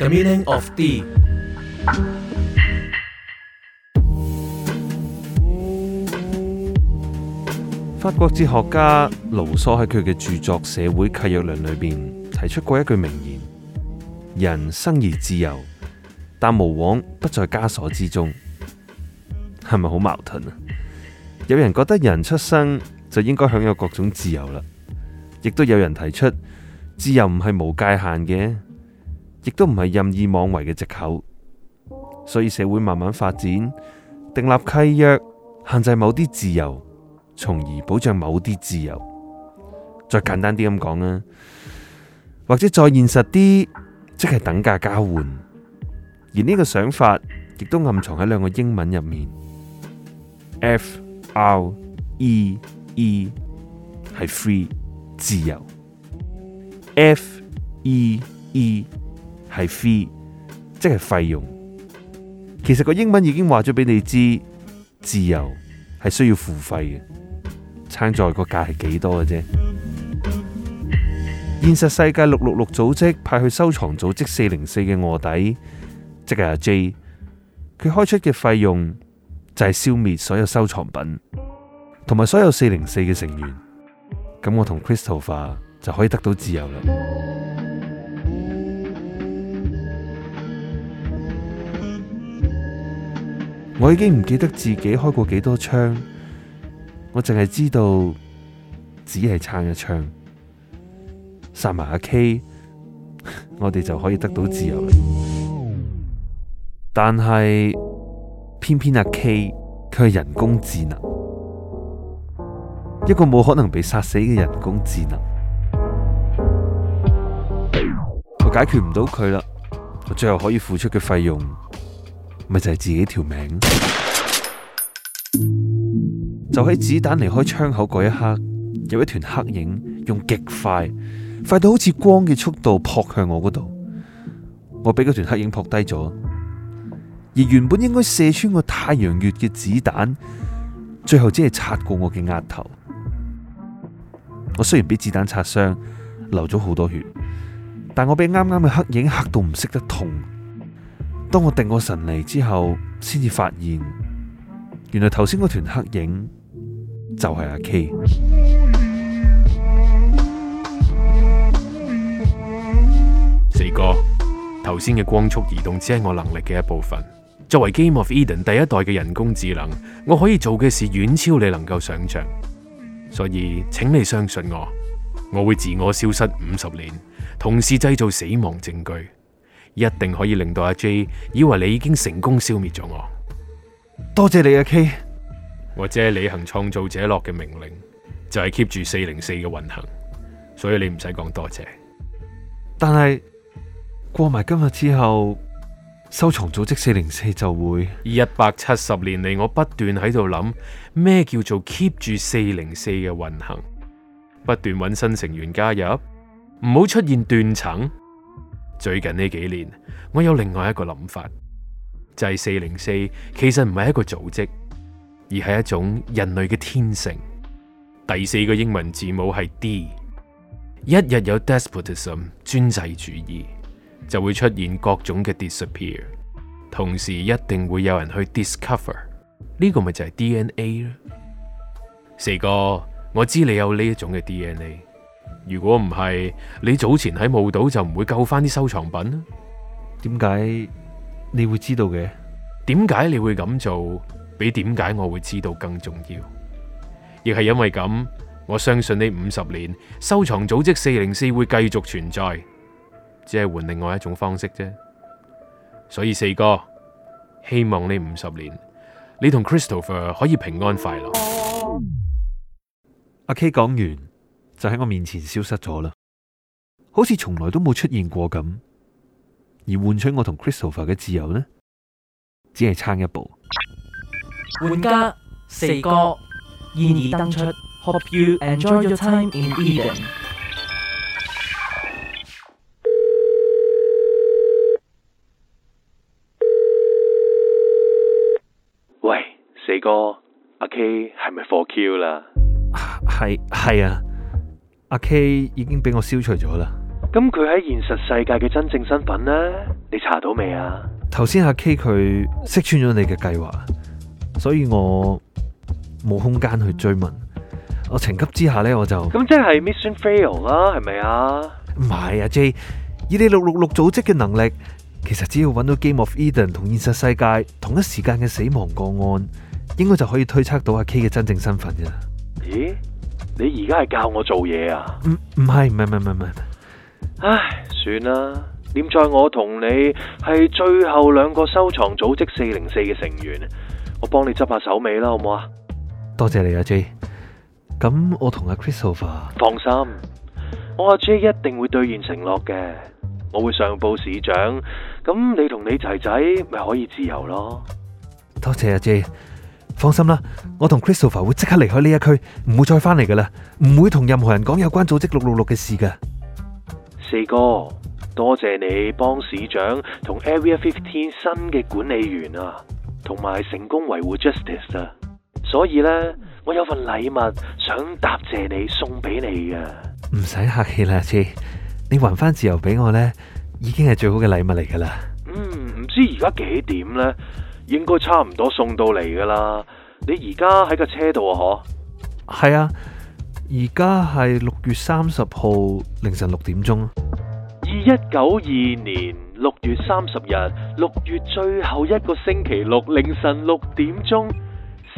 The meaning of D. 法國哲學家盧梭喺佢嘅著作《社會契約論》裏邊提出過一句名言：人生而自由，但無往不在枷鎖之中。係咪好矛盾啊？有人覺得人出生就應該享有各種自由啦，亦都有人提出自由唔係無界限嘅。亦都唔係任意妄為嘅借口，所以社會慢慢發展，訂立契約，限制某啲自由，從而保障某啲自由。再簡單啲咁講啦，或者再現實啲，即係等價交換。而呢個想法亦都暗藏喺兩個英文入面，F R E E 係 free 自由，F E E。係 Fee，即係費用。其實個英文已經話咗俾你知，自由係需要付費嘅。差在個價係幾多嘅啫？現實世界六六六組織派去收藏組織四零四嘅臥底，即係阿 J，佢開出嘅費用就係消滅所有收藏品，同埋所有四零四嘅成員。咁我同 Christopher 就可以得到自由啦。我已經唔記得自己開過幾多槍，我淨係知道只係差一槍，殺埋阿 K，我哋就可以得到自由啦。但係偏偏阿 K 佢係人工智能，一個冇可能被殺死嘅人工智能，我解決唔到佢啦。我最後可以付出嘅費用，咪就係自己條命。 就喺子彈離開槍口嗰一刻，有一團黑影用極快，快到好似光嘅速度撲向我嗰度。我俾嗰團黑影撲低咗，而原本應該射穿我太陽穴嘅子彈，最後只係擦過我嘅額頭。我雖然俾子彈擦傷，流咗好多血，但我俾啱啱嘅黑影嚇到唔識得痛。當我定過神嚟之後，先至發現，原來頭先嗰團黑影就係阿 K。四哥，頭先嘅光速移動只係我能力嘅一部分。作為 Game of Eden 第一代嘅人工智能，我可以做嘅事遠超你能夠想象。所以，請你相信我，我會自我消失五十年，同時製造死亡證據。一定可以令到阿 J 以為你已經成功消滅咗我。多謝你阿、啊、K。我只係履行創造者落嘅命令，就係、是、keep 住四零四嘅運行，所以你唔使講多謝。但係過埋今日之後，收藏組織四零四就會。一百七十年嚟，我不斷喺度諗咩叫做 keep 住四零四嘅運行，不斷揾新成員加入，唔好出現斷層。最近呢幾年，我有另外一個諗法，就係四零四其實唔係一個組織，而係一種人類嘅天性。第四個英文字母係 D，一日有 despotism 專制主義，就會出現各種嘅 disappear，同時一定會有人去 discover，呢個咪就係 DNA 咯。四哥，我知你有呢一種嘅 DNA。如果唔係，你早前喺墓島就唔會救返啲收藏品啦。點解你會知道嘅？點解你會咁做，比點解我會知道更重要。亦係因為咁，我相信呢五十年收藏組織四零四會繼續存在，只係換另外一種方式啫。所以四哥，希望呢五十年你同 Christopher 可以平安快樂。阿、oh. K 講完。就喺我面前消失咗啦，好似從來都冇出現過咁。而換取我同 Christopher 嘅自由呢，只係差一步。玩家四哥現已登出，Hope you enjoy your time in Eden。喂，四哥，阿 K 係咪 for kill 啦？係係啊。阿 K 已經俾我消除咗啦，咁佢喺現實世界嘅真正身份呢？你查到未啊？頭先阿 K 佢識穿咗你嘅計劃，所以我冇空間去追問。我情急之下呢，我就咁即係 mission fail 啦，係咪啊？唔係，阿 J，以你六六六組織嘅能力，其實只要揾到 Game of Eden 同現實世界同一時間嘅死亡個案，應該就可以推測到阿 K 嘅真正身份嘅。咦？你而家係教我做嘢啊？唔唔係唔係唔係唔係，唉，算啦。念在我同你係最後兩個收藏組織四零四嘅成員，我幫你執下手尾啦，好唔好啊？多謝你阿 J。咁我同阿 Christopher，放心，我阿 J 一定會兌現承諾嘅。我會上報市長，咁你同你仔仔咪可以自由咯。多謝阿 J。Jay 放心啦，我同 Christopher 會即刻離開呢一區，唔會再翻嚟噶啦唔會同任何人講有關組織六六六嘅事噶。四哥，多謝你幫市長同 Area 15新嘅管理員啊，同埋成功維護 Justice 啊，所以咧，我有份禮物想答謝你，送俾你嘅。唔使客氣啦，J，你還翻自由俾我咧，已經係最好嘅禮物嚟噶啦。嗯，唔知而家幾點咧？應該差唔多送到嚟噶啦，你而家喺個車度啊？嗬，係啊，而家係六月三十號凌晨六點鐘。二一九二年六月三十日，六月最後一個星期六凌晨六點鐘，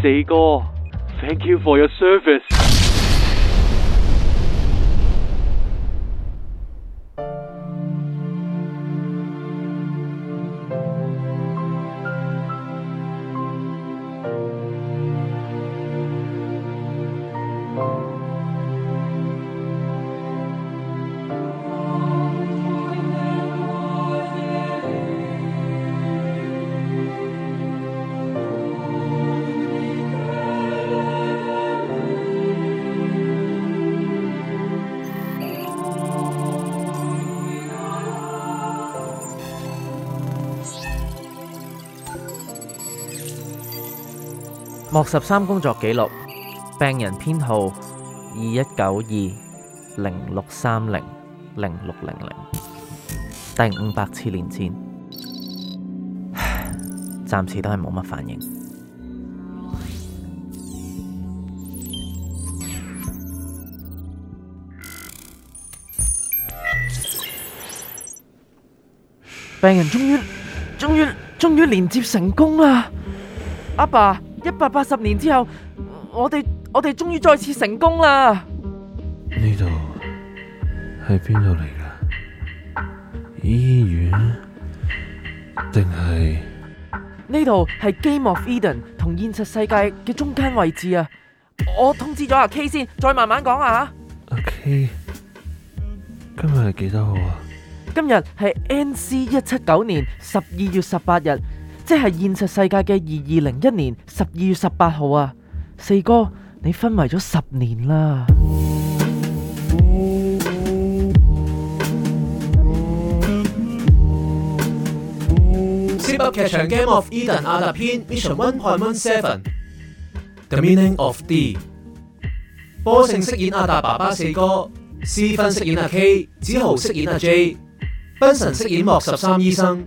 四哥，Thank you for your service。莫十三工作記錄，病人編號二一九二零六三零零六零零，第五百次連線，暫時都係冇乜反應。病人終於終於終於連接成功啦！阿爸。一百八十年之後，我哋我哋，終於再次成功啦！呢度係邊度嚟噶？醫院定係？呢度係《Game of Eden》同現實世界嘅中間位置啊！我通知咗阿 K 先，再慢慢講啊！阿 K，今日係幾多號啊？今日係 N.C. 一七九年十二月十八日。即係現實世界嘅二二零一年十二月十八號啊，四哥，你昏迷咗十年啦。Zip 噏劇場，Game of Eden，阿達篇 Mission One Point One Seven The Meaning of D。波成飾演阿達爸爸，四哥施芬飾演阿 K，子豪飾演阿 J，奔神飾演莫十三醫生。